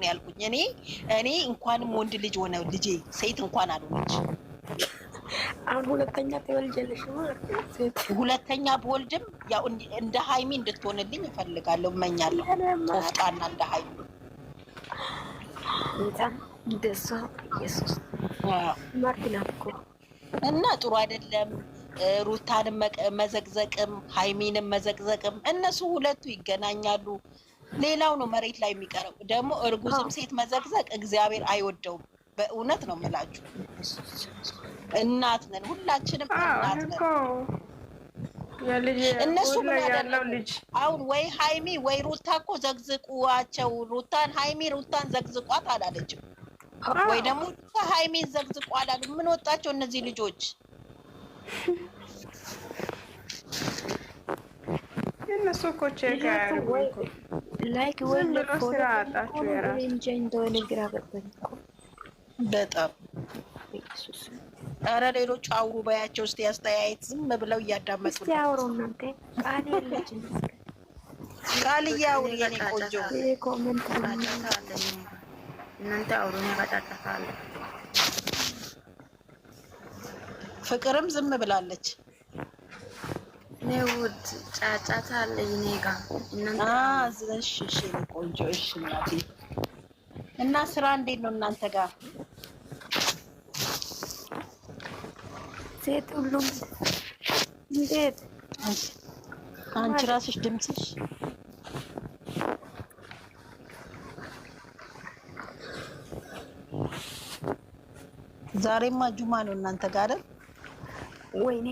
ነው ያልኩኝ። እኔ እኔ እንኳንም ወንድ ልጅ ሆነ ልጄ ሴት እንኳን አልሆነች። አሁን ሁለተኛ ትወልጃለሽ። ሁለተኛ በወልድም ያው እንደ ሀይሚ እንድትሆንልኝ እፈልጋለሁ፣ እመኛለሁ። ቆፍጣና እንደ ሀይሚ እንደሷ ኢየሱስ ማርቲናት እኮ እና ጥሩ አይደለም። ሩታንም መዘግዘቅም ሀይሚንም መዘግዘቅም እነሱ ሁለቱ ይገናኛሉ። ሌላው ነው መሬት ላይ የሚቀረው ደግሞ እርጉዝም ሴት መዘግዘግ እግዚአብሔር አይወደውም። በእውነት ነው የምላችሁ። እናት ነን፣ ሁላችንም እናት ነን። እነሱ አሁን ወይ ሀይሚ ወይ ሩታ እኮ ዘግዝቁዋቸው። ሩታን ሀይሚ ሩታን ዘግዝቋት አላለችም፣ ወይ ደግሞ ሩታ ሀይሚን ዘግዝቁ አላሉ። ምን ወጣቸው እነዚህ ልጆች? እነሱ እኮ ቼክ ላይክ ወይ ስራ አጣችሁ። የራሱ እንጂ እንደሆነ ግራ ገባኝ በጣም አረ፣ ሌሎቹ አውሩ እስቲ አስተያየት። ዝም ብለው እያዳመጡ እስቲ አውሩ እናንተ። ቃል የኔ ቆንጆ። ኮመንት እናንተ አውሩ ነው ፍቅርም ዝም ብላለች። ውድ ጫጫታ አለ እኔ ጋር ቆንጆ። እና ስራ እንዴት ነው እናንተ ጋር? ሴት ሁሉም እንዴት? አንቺ ራስሽ ድምፅሽ ዛሬማ ጁማ ነው እናንተ ጋር አይደል? ወይኔ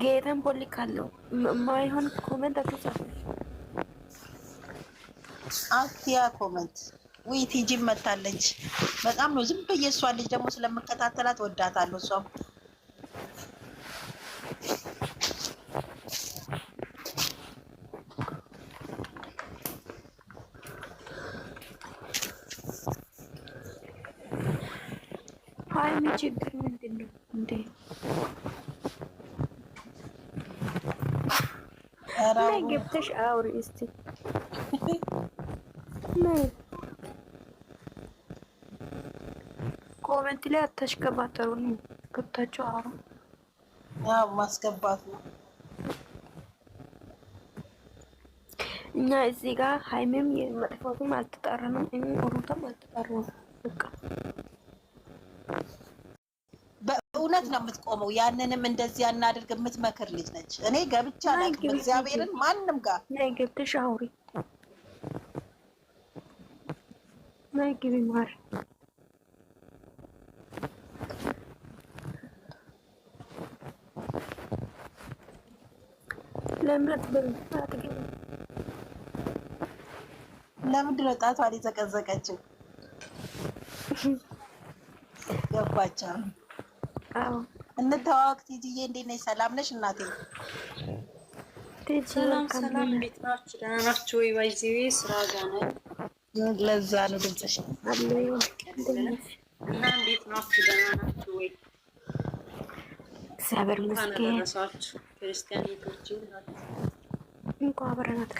ጌታን ቦልካለሁ። ማይሆን ኮመንት አትጻፉ። አክያ ኮመንት ወይ ቲጂ መታለች። በጣም ነው ዝም ብዬ እሷ ልጅ ደግሞ ስለምከታተላት ወዳታለሁ። እሷም ሀይሚ ችግር ምንድን ነው እንዴ? ገብተሽ አውሪ እስቲ። ኮመንት ላይ አታሽከባተሩ፣ ገብታችሁ አውሩ። አዎ ማስገባት ነው። እኛ እዚህ ጋር ሃይሜም መጥፋቱም አልተጣራንም፣ እኔ ሩታም አልተጣራንም። እውነት ነው የምትቆመው። ያንንም እንደዚህ እናድርግ የምትመክር ልጅ ነች። እኔ ገብቻ አላውቅም እግዚአብሔርን ማንም ጋር ነይ ገብተሽ አውሪ። ነይ ግቢ ማር ለምንድን ነው ጣቷ ሊዘቀዘቀችው? ገባቻ እንተዋወቅ። ቲጂዬ እንዴት ነሽ? ሰላም ነሽ እናቴ? ሰላም ሰላም፣ እንዴት ናችሁ? ደህና ናችሁ ወይ? ስራ ጋር ነኝ። ለዛ ነው ድምፅሽ እና እንዴት ናችሁ? ደህና ናችሁ ወይ? እግዚአብሔር ይመስገን። ደረሳችሁ ክርስቲያን እንኳ አብረናት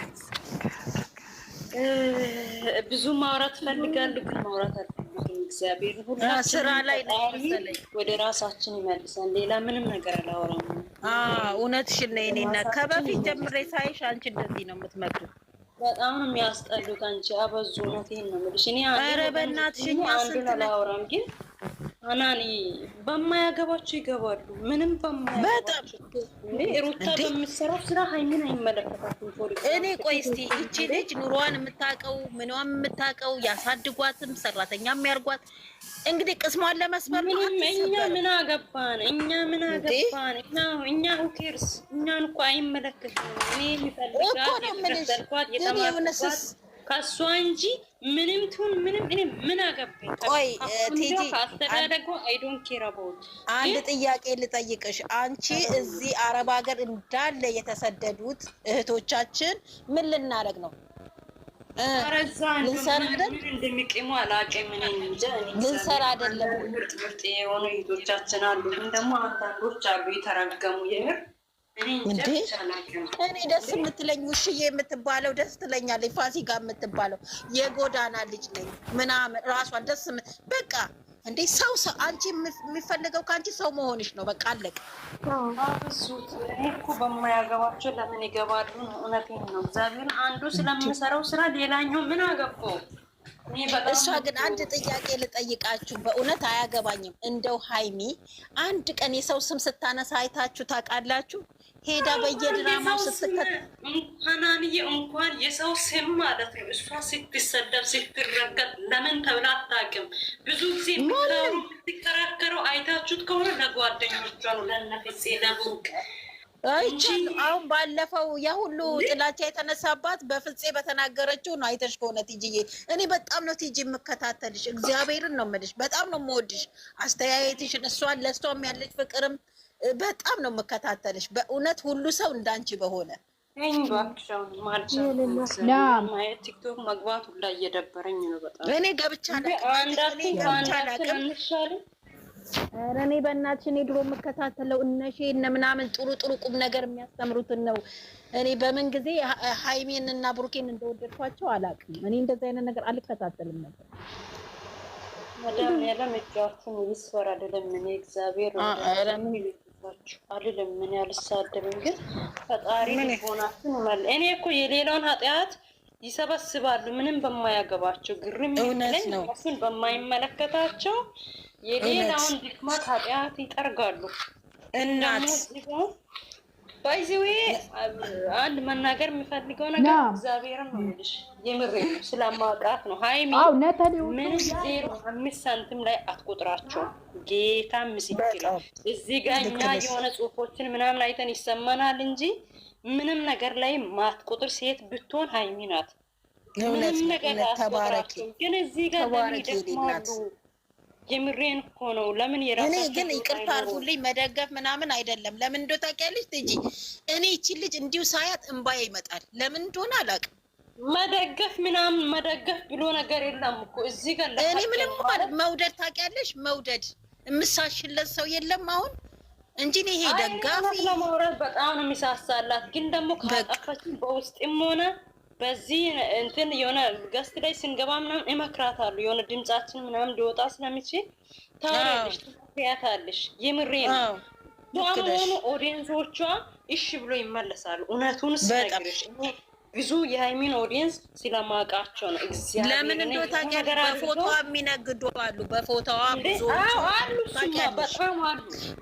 ብዙ ማውራት ፈልጋለሁ ግን ማውራት አለ እግዚአብሔር ስራ ላይ ወደ ራሳችን ይመልሰን። ሌላ ምንም ነገር አላወራም። እውነትሽን ነው። የእኔ እናት ከበፊት ጀምሬ ሳይሽ አንቺ እንደዚህ ነው የምትመጡ። በጣም ነው የሚያስጠሉት። አንቺ አበዙ። እውነቴን ነው የምልሽ። ኧረ በእናትሽ አንዱን አላወራም ግን አናኒ በማያገባቸው ይገባሉ። ምንም በማያገባቸው ሩታ በምትሰራው ስራ ሀይሚን አይመለከታትም። እኔ ቆይ እስቲ ይቺ ልጅ ኑሮዋን የምታውቀው ምንዋን የምታውቀው ያሳድጓትም ሰራተኛ የሚያርጓት እንግዲህ ቅስሟን ለመስበር ነው። እኛ ምን አገባን? እኛ ምን አገባን? እኛ ሁኬርስ እኛን እኮ አይመለከትም። እኔ የሚፈልጋት የተመረኳት የተማርኳት ከእሷ እንጂ ምንም ትሁን ምንም እኔ ምን አገባኝ። ቆይ ቲጂ አስተዳደጎ አይዶን ዶንት አንድ ጥያቄ ልጠይቅሽ። አንቺ እዚህ አረብ ሀገር እንዳለ የተሰደዱት እህቶቻችን ምን ልናደርግ ነው? ልንሰራ እንደሚቀሙ አላውቅም። እኔ እንጃ አይደለም። ምርጥ ምርጥ የሆኑ እህቶቻችን አሉ፣ ግን ደግሞ አንዳንዶች አሉ የተረገሙ የምር እኔ ደስ የምትለኝ ውሽዬ የምትባለው ደስ ትለኛለች። ፋሲካ የምትባለው የጎዳና ልጅ ነኝ ምናምን ራሷን ደስ በቃ እንዴ ሰው ሰው አንቺ የሚፈልገው ከአንቺ ሰው መሆንሽ ነው። በቃ አለቅ ብዙት እኔ እኮ በማያገባቸው ለምን ይገባሉ እውነቴን ነው። እግዚአብሔር አንዱ ስለምሰራው ስራ ሌላኛው ምን አገባው? እሷ ግን አንድ ጥያቄ ልጠይቃችሁ፣ በእውነት አያገባኝም። እንደው ሀይሚ አንድ ቀን የሰው ስም ስታነሳ አይታችሁ ታውቃላችሁ? ሄዳ በየድራማው ስትከት እንኳናንዬ እንኳን የሰው ስም ማለት ነው። እሷ ስትሰደብ ስትረገጥ ለምን ተብላ አታውቅም። ብዙ ጊዜ ምታሩ ስትከራከረው አይታችሁት ከሆነ ለጓደኞቿ ነው ለነፍሴ ለቡቅ አይቻል አሁን ባለፈው ያ ሁሉ ጥላቻ የተነሳባት በፍፄ በተናገረችው ነው። አይተሽ ከሆነ ቲጂዬ፣ እኔ በጣም ነው ቲጂ የምከታተልሽ። እግዚአብሔርን ነው የምልሽ፣ በጣም ነው የምወድሽ። አስተያየትሽን እሷን ለእሷም ያለች ፍቅርም በጣም ነው የምከታተልሽ። በእውነት ሁሉ ሰው እንዳንቺ በሆነ ቲክቶክ መግባት ሁላ እየደበረኝ ነው በጣም እኔ ገብቻ ኧረ እኔ በእናትሽ እኔ ድሮ የምከታተለው እነሺ እነ ምናምን ጥሩ ጥሩ ቁም ነገር የሚያስተምሩትን ነው። እኔ በምን ጊዜ ሀይሜን እና ብሩኬን እንደወደድኳቸው አላውቅም። እኔ እንደዚህ አይነት ነገር አልከታተልም ነበር። መዳም ያለም እጃችን ይስፈር አይደለም እኔ እግዚአብሔር ያድርግባችሁ አልልም። ምን ያልሳደብም፣ ግን ፈጣሪ ልቦናችን ይመል። እኔ እኮ የሌላውን ኃጢአት ይሰበስባሉ ምንም በማያገባቸው ግርም ይለኝ በማይመለከታቸው የሌላውን ድክመት ኃጢአት ይጠርጋሉ እናት ባይዘዌ አንድ መናገር የሚፈልገው ነገር እግዚአብሔርን ነው የምልሽ፣ ስለማውቃት ነው። ሀይሚ ምንም ዜሮ አምስት ሳንቲም ላይ አትቆጥራቸውም። ጌታ ምስክል እዚህ ጋር እኛ የሆነ ጽሁፎችን ምናምን አይተን ይሰማናል እንጂ ምንም ነገር ላይ ማትቆጥር ሴት ብትሆን ሀይሚ ናት። ምንም ነገር አትቆጥራቸውም። ግን እዚህ ጋር ለሚደክማሉ የምሬን እኮ ነው። ለምን የራሱ እኔ ግን ይቅርታ አድርጉልኝ መደገፍ ምናምን አይደለም። ለምን እንደው ታውቂያለሽ ትጂ እኔ ይቺ ልጅ እንዲሁ ሳያት እንባዬ ይመጣል። ለምን እንደሆነ አላውቅም። መደገፍ ምናምን መደገፍ ብሎ ነገር የለም እኮ እዚህ ጋር እኔ ምንም ማለት መውደድ ታውቂያለሽ፣ መውደድ የምሳሽለት ሰው የለም አሁን እንጂ ይሄ ደጋፊ ለማውራት በጣም ነው የሚሳሳላት። ግን ደግሞ ካጠፋችን በውስጥም ሆነ በዚህ እንትን የሆነ ገስት ላይ ስንገባ ምናምን እመክራታለሁ የሆነ ድምጻችን ምናምን ሊወጣ ስለሚችል ታወሪያለሽ፣ ትያታለሽ። የምሬ ነው። ሆኑ ኦዲየንሶቿ እሺ ብሎ ይመለሳሉ። እውነቱን ስነግርሽ ብዙ የሃይሚን ኦዲየንስ ስለማውቃቸው ነው። እግዚአብሔር ለምን እንደው ታውቂያለሽ፣ በፎቶ የሚነግዱ አሉ፣ በፎቶዋ ብዙ አሉ።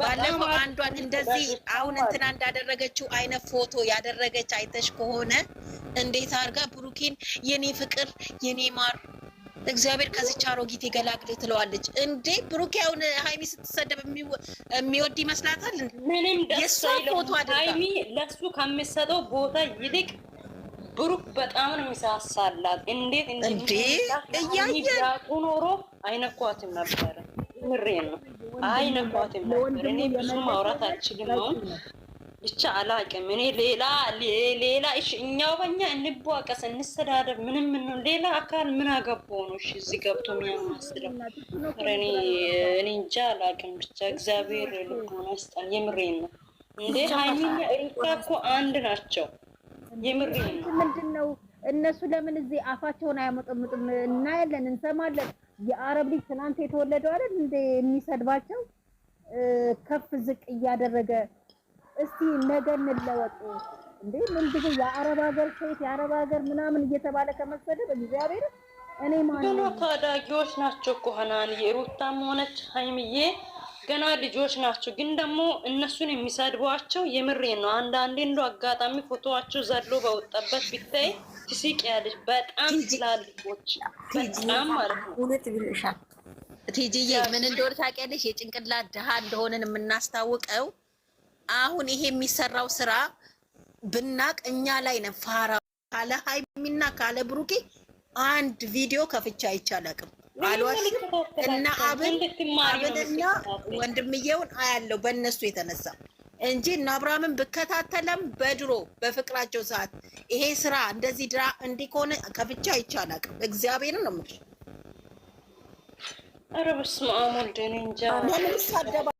ባለፈው አንዷን እንደዚህ አሁን እንትና እንዳደረገችው አይነት ፎቶ ያደረገች አይተሽ ከሆነ እንዴት አድርጋ ብሩኬን የኔ ፍቅር የኔ ማር እግዚአብሔር ከዚች አሮጊት ይገላግል ትለዋለች እንዴ? ብሩኬ አሁን ሃይሚ ስትሰደብ የሚወድ ይመስላታል? ምንም ደስ የእሷ ፎቶ አይደለም። ሀይሚ ለሱ ከሚሰጠው ቦታ ይልቅ ብሩክ በጣም ነው የሚሳሳላት። እንዴት እንዴ እያየቁ ኖሮ አይነኳትም ነበረ። ምሬ ነው አይነኳትም ነበር። እኔ ብዙ ማውራት አልችልም አሁን ብቻ አላቅም። እኔ ሌላ ሌላ እሺ፣ እኛው በኛ እንቧቀስ፣ እንሰዳደብ፣ ምንም ምን ሌላ አካል ምን አገባው ነው? እሺ፣ እዚህ ገብቶ የሚያማስለው እኔ እኔ እንጃ አላቅም። ብቻ እግዚአብሔር ልቦና ይስጠን። የምሬ ነው እንዴ ሀይሚና ኤሪካ እኮ አንድ ናቸው። ምንድን ነው እነሱ ለምን እዚህ አፋቸውን አያመጠምጥም? እናያለን፣ እንሰማለን። የአረብ ልጅ ትናንት የተወለደው አይደል እንደ የሚሰድባቸው ከፍ ዝቅ እያደረገ እስቲ ነገ እንለወጥ እንዴ ምን ብዬ የአረብ ሀገር ሴት የአረብ ሀገር ምናምን እየተባለ ከመሰደብ እግዚአብሔር እኔ ማለት ነው። ታዳጊዎች ናቸው እኮ ሀናን የሩታም ሆነች ሀይምዬ ገና ልጆች ናቸው። ግን ደግሞ እነሱን የሚሰድቧቸው የምሬ ነው። አንዳንዴ እንደው አጋጣሚ ፎቶዋቸው ዘሎ በወጣበት ቢታይ ትስቅ ያለች በጣም ስላልፎች በጣም ማለት ነው። ቲጂዬ ምን እንደሆነ ታውቂያለሽ? የጭንቅላት ድሃ እንደሆነን የምናስታውቀው አሁን ይሄ የሚሰራው ስራ ብናቅ እኛ ላይ ነው ፋራ ካለ ሀይሚና ካለ ብሩኬ አንድ ቪዲዮ ከፍቻ አይቻላቅም። አልዋሽም እና አብን አብንና ወንድምየውን አያለው በእነሱ የተነሳ እንጂ እና አብርሃምን ብከታተለም በድሮ በፍቅራቸው ሰዓት ይሄ ስራ እንደዚህ ድራ እንዲህ ከሆነ ከብቻ አይቻል አቅም እግዚአብሔርን ነው የምልሽ። ኧረ በስመ አብ ወልድ እኔ እንጃ